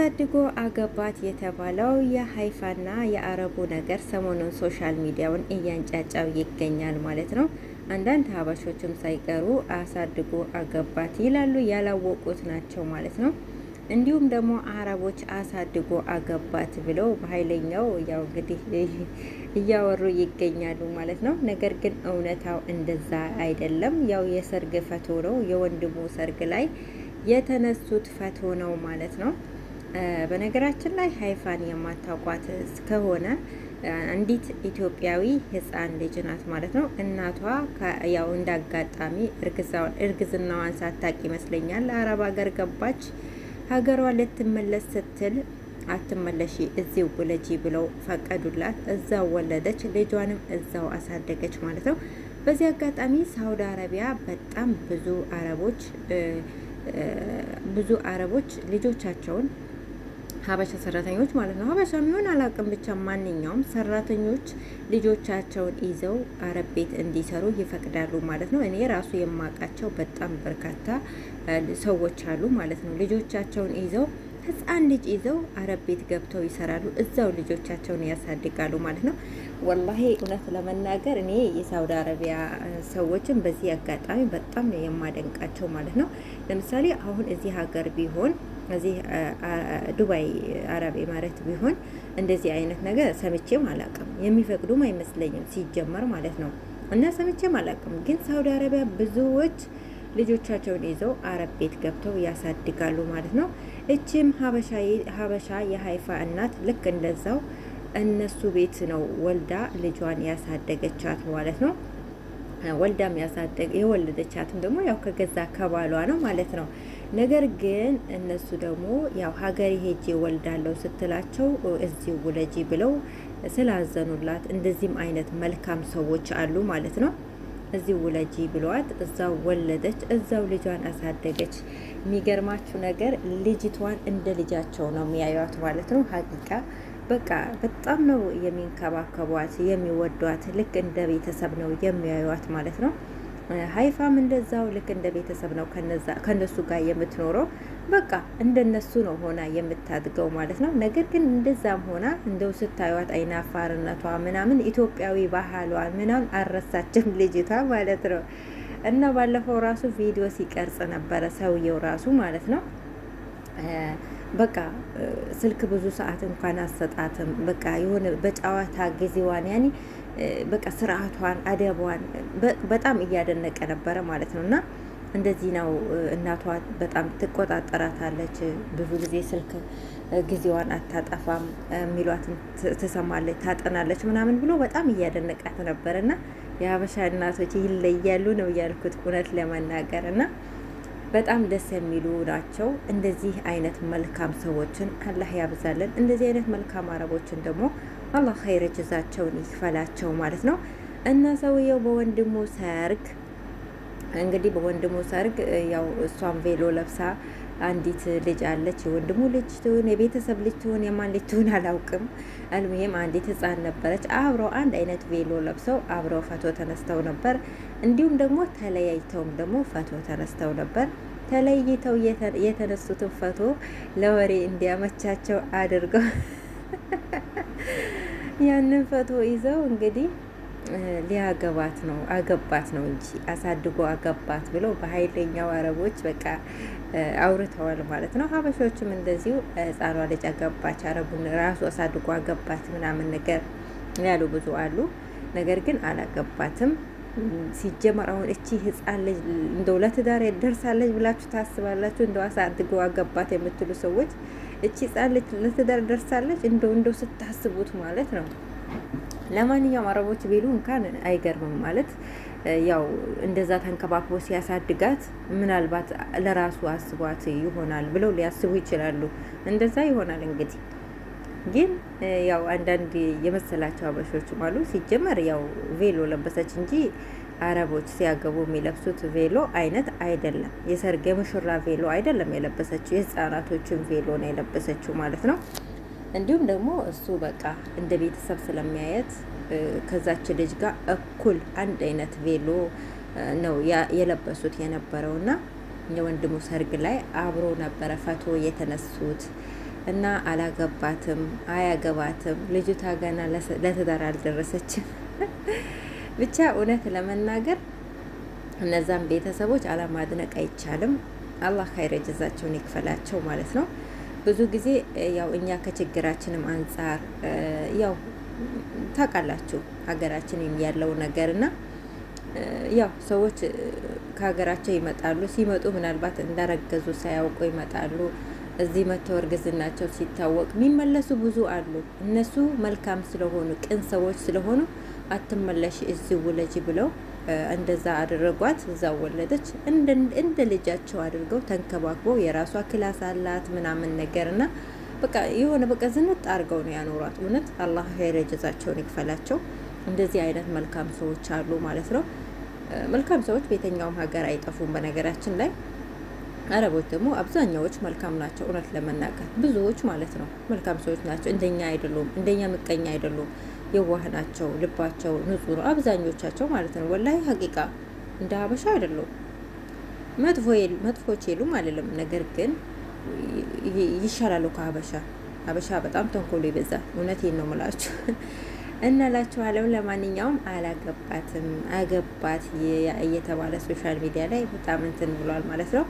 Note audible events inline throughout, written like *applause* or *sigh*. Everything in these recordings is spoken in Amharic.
አሳድጎ አገባት የተባለው የሀይፋና የአረቡ ነገር ሰሞኑን ሶሻል ሚዲያውን እያንጫጫው ይገኛል ማለት ነው። አንዳንድ ሀበሾችም ሳይቀሩ አሳድጎ አገባት ይላሉ፣ ያላወቁት ናቸው ማለት ነው። እንዲሁም ደግሞ አረቦች አሳድጎ አገባት ብለው በኃይለኛው ያው እንግዲህ *laughs* እያወሩ ይገኛሉ ማለት ነው። ነገር ግን እውነታው እንደዛ አይደለም። ያው የሰርግ ፈቶ ነው፣ የወንድሙ ሰርግ ላይ የተነሱት ፈቶ ነው ማለት ነው። በነገራችን ላይ ሀይፋን የማታውቋት ከሆነ አንዲት ኢትዮጵያዊ ህፃን ልጅ ናት ማለት ነው። እናቷ ያው አጋጣሚ እርግዝናዋን ሳታቅ ይመስለኛል አረብ ሀገር ገባች። ሀገሯ ልትመለስ ስትል አትመለሺ እዚው ውለጂ ብለው ፈቀዱላት። እዛው ወለደች፣ ልጇንም እዛው አሳደገች ማለት ነው። በዚህ አጋጣሚ ሳውዲ አረቢያ በጣም ብዙ አረቦች ብዙ አረቦች ልጆቻቸውን ሀበሻ ሰራተኞች ማለት ነው። ሀበሻ የሚሆን አላውቅም፣ ብቻ ማንኛውም ሰራተኞች ልጆቻቸውን ይዘው አረብ ቤት እንዲሰሩ ይፈቅዳሉ ማለት ነው። እኔ ራሱ የማውቃቸው በጣም በርካታ ሰዎች አሉ ማለት ነው። ልጆቻቸውን ይዘው ህፃን ልጅ ይዘው አረብ ቤት ገብተው ይሰራሉ፣ እዛው ልጆቻቸውን ያሳድጋሉ ማለት ነው። ወላሂ እውነት ለመናገር እኔ የሳውዲ አረቢያ ሰዎችን በዚህ አጋጣሚ በጣም ነው የማደንቃቸው ማለት ነው። ለምሳሌ አሁን እዚህ ሀገር ቢሆን እዚህ ዱባይ አረብ ኤማሬት ቢሆን እንደዚህ አይነት ነገር ሰምቼም አላውቅም። የሚፈቅዱም አይመስለኝም ሲጀመር ማለት ነው። እና ሰምቼም አላውቅም። ግን ሳውዲ አረቢያ ብዙዎች ልጆቻቸውን ይዘው አረብ ቤት ገብተው ያሳድጋሉ ማለት ነው። እችም ሀበሻ የሀይፋ እናት ልክ እንደዛው እነሱ ቤት ነው ወልዳ ልጇን ያሳደገቻት ማለት ነው። ወልዳም ያሳደገ የወለደቻትም ደግሞ ያው ከገዛ ከባሏ ነው ማለት ነው። ነገር ግን እነሱ ደግሞ ያው ሀገር ሄጄ ወልዳለው ስትላቸው እዚህ ውለጂ ብለው ስላዘኑላት እንደዚህም አይነት መልካም ሰዎች አሉ ማለት ነው። እዚህ ውለጂ ብሏት እዛው ወለደች፣ እዛው ልጇን አሳደገች። የሚገርማችሁ ነገር ልጅቷን እንደ ልጃቸው ነው የሚያዩት ማለት ነው። ሀቂቃ በቃ በጣም ነው የሚንከባከቧት፣ የሚወዷት ልክ እንደ ቤተሰብ ነው የሚያዩት ማለት ነው። ሀይፋም እንደዛው ልክ እንደ ቤተሰብ ነው ከነሱ ጋር የምትኖረው። በቃ እንደነሱ ነው ሆና የምታድገው ማለት ነው። ነገር ግን እንደዛም ሆና እንደው ስታዩት አይናፋርነቷ ምናምን ኢትዮጵያዊ ባህሏ ምናምን አልረሳችም *laughs* ልጅቷ ማለት ነው። እና ባለፈው ራሱ ቪዲዮ ሲቀርጽ ነበረ ሰውየው ራሱ ማለት ነው። በቃ ስልክ ብዙ ሰዓት እንኳን አሰጣትም። በቃ የሆነ በጨዋታ ጊዜዋን ያኔ በቃ ስርዓቷን አደቧን በጣም እያደነቀ ነበረ ማለት ነው። እና እንደዚህ ነው እናቷ በጣም ትቆጣጠራታለች። ብዙ ጊዜ ስልክ ጊዜዋን አታጠፋም የሚሏትን ትሰማለች፣ ታጠናለች ምናምን ብሎ በጣም እያደነቃት ነበር። እና የሀበሻ እናቶች ይለያሉ ነው እያልኩት እውነት ለመናገር እና በጣም ደስ የሚሉ ናቸው። እንደዚህ አይነት መልካም ሰዎችን አላህ ያብዛለን። እንደዚህ አይነት መልካም አረቦችን ደግሞ አላህ ኸይረ ጀዛቸውን ይክፈላቸው ማለት ነው። እና ሰውየው በወንድሙ ሰርግ እንግዲህ በወንድሙ ሰርግ ያው እሷን ቬሎ ለብሳ አንዲት ልጅ አለች። የወንድሙ ልጅ ትሁን የቤተሰብ ልጅ ትሁን የማን ልጅ ትሁን አላውቅም። አልሙሂም አንዲት ህፃን ነበረች። አብረው አንድ አይነት ቬሎ ለብሰው አብረው ፈቶ ተነስተው ነበር። እንዲሁም ደግሞ ተለያይተውም ደግሞ ፈቶ ተነስተው ነበር። ተለይተው የተነሱትን ፈቶ ለወሬ እንዲያመቻቸው አድርገው *laughs* ያንን ፈቶ ይዘው እንግዲህ ሊያገባት ነው አገባት ነው እንጂ አሳድጎ አገባት ብለው በኃይለኛው አረቦች በቃ አውርተዋል ማለት ነው። ሀበሾችም እንደዚሁ ሕፃኗ ልጅ አገባች አረቡን ራሱ አሳድጎ አገባት ምናምን ነገር ያሉ ብዙ አሉ። ነገር ግን አላገባትም። ሲጀመር አሁን እቺ ህፃን ልጅ እንደው ለትዳር ደርሳለች ብላችሁ ታስባላችሁ? እንደው አሳድጎ አገባት የምትሉ ሰዎች እቺ ጻለች ልጅ ለትዳር ደርሳለች። እንደው እንደው ስታስቡት ማለት ነው። ለማንኛውም አረቦች ቤሉ እንኳን አይገርምም ማለት ያው እንደዛ ተንከባክቦ ሲያሳድጋት ምናልባት ለራሱ አስቧት ይሆናል ብለው ሊያስቡ ይችላሉ። እንደዛ ይሆናል እንግዲህ ግን ያው አንዳንድ የመሰላቸው አበሾች አሉ። ሲጀመር ያው ቬሎ ለበሰች እንጂ አረቦች ሲያገቡ የሚለብሱት ቬሎ አይነት አይደለም። የሰርግ የሙሽራ ቬሎ አይደለም የለበሰችው፣ የህፃናቶችን ቬሎ ነው የለበሰችው ማለት ነው። እንዲሁም ደግሞ እሱ በቃ እንደ ቤተሰብ ስለሚያየት ከዛች ልጅ ጋር እኩል አንድ አይነት ቬሎ ነው የለበሱት የነበረውና የወንድሙ ሰርግ ላይ አብሮ ነበረ ፈቶ የተነሱት እና አላገባትም፣ አያገባትም ልጅቷ ገና ለትዳር አልደረሰችም። *laughs* ብቻ እውነት ለመናገር እነዛን ቤተሰቦች አለማድነቅ አይቻልም። አላህ ኸይረ ጀዛቸውን ይክፈላቸው ማለት ነው። ብዙ ጊዜ ያው እኛ ከችግራችንም አንጻር ያው ታውቃላችሁ ሀገራችን ያለው ነገር እና ያው ሰዎች ከሀገራቸው ይመጣሉ። ሲመጡ ምናልባት እንዳረገዙ ሳያውቁ ይመጣሉ። እዚህ መተው እርግዝናቸው ሲታወቅ የሚመለሱ ብዙ አሉ። እነሱ መልካም ስለሆኑ ቅን ሰዎች ስለሆኑ አትመለሽ እዚህ ውለጅ ብለው እንደዛ አደረጓት። እዛ ወለደች። እንደ ልጃቸው አድርገው ተንከባክበው የራሷ ክላስ አላት ምናምን ነገር እና በቃ የሆነ በቃ ዝንጥ አድርገው ነው ያኖሯት። እውነት አላህ ኸይረ ጀዛቸውን ይክፈላቸው። እንደዚህ አይነት መልካም ሰዎች አሉ ማለት ነው። መልካም ሰዎች በየትኛውም ሀገር አይጠፉም። በነገራችን ላይ አረቦች ደግሞ አብዛኛዎች መልካም ናቸው። እውነት ለመናገር ብዙዎች ማለት ነው መልካም ሰዎች ናቸው። እንደኛ አይደሉም፣ እንደኛ ምቀኛ አይደሉም። የዋህ ናቸው፣ ልባቸው ንጹህ ነው። አብዛኞቻቸው ማለት ነው። ወላሂ ሀቂቃ እንደ ሀበሻ አይደለሁም። መጥፎች የሉም አይደለም። ነገር ግን ይሻላሉ ከሀበሻ። ሀበሻ በጣም ተንኮሎ ይበዛል። እውነቴን ነው ምላችሁ *laughs* እና አለም ለማንኛውም አላገባትም አገባት እየተባለ ሶሻል ሚዲያ ላይ በጣም እንትን ብሏል ማለት ነው።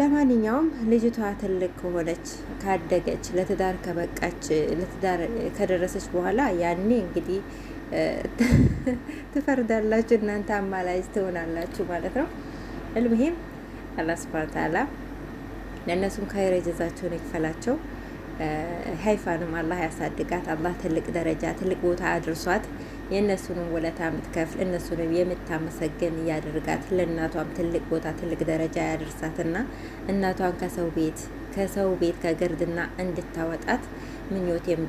ለማንኛውም ልጅቷ ትልቅ ከሆነች ካደገች፣ ለትዳር ከበቃች፣ ለትዳር ከደረሰች በኋላ ያኔ እንግዲህ *laughs* ትፈርዳላችሁ እናንተ አማላጅ ትሆናላችሁ ማለት ነው። እልምሄም አላህ ሱብሃነሁ ወተዓላ ለእነሱም ካይረ ጀዛቸውን ይክፈላቸው። ሀይፋንም አላህ ያሳድጋት። አላህ ትልቅ ደረጃ ትልቅ ቦታ አድርሷት። የእነሱንም ውለታ የምትከፍል እነሱንም የምታመሰግን እያደርጋት ለእናቷም ትልቅ ቦታ ትልቅ ደረጃ ያደርሳትና እናቷን ከሰው ቤት ከሰው ቤት ከግርድና እንድታወጣት ምኞቴም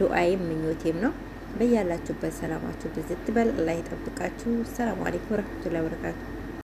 ዱአይም ምኞቴም ነው። በያላችሁበት ሰላማችሁ ብዝት በል ላይ ጠብቃችሁ። ሰላም አሌኩም ረህመቱላሂ ወበረካቱ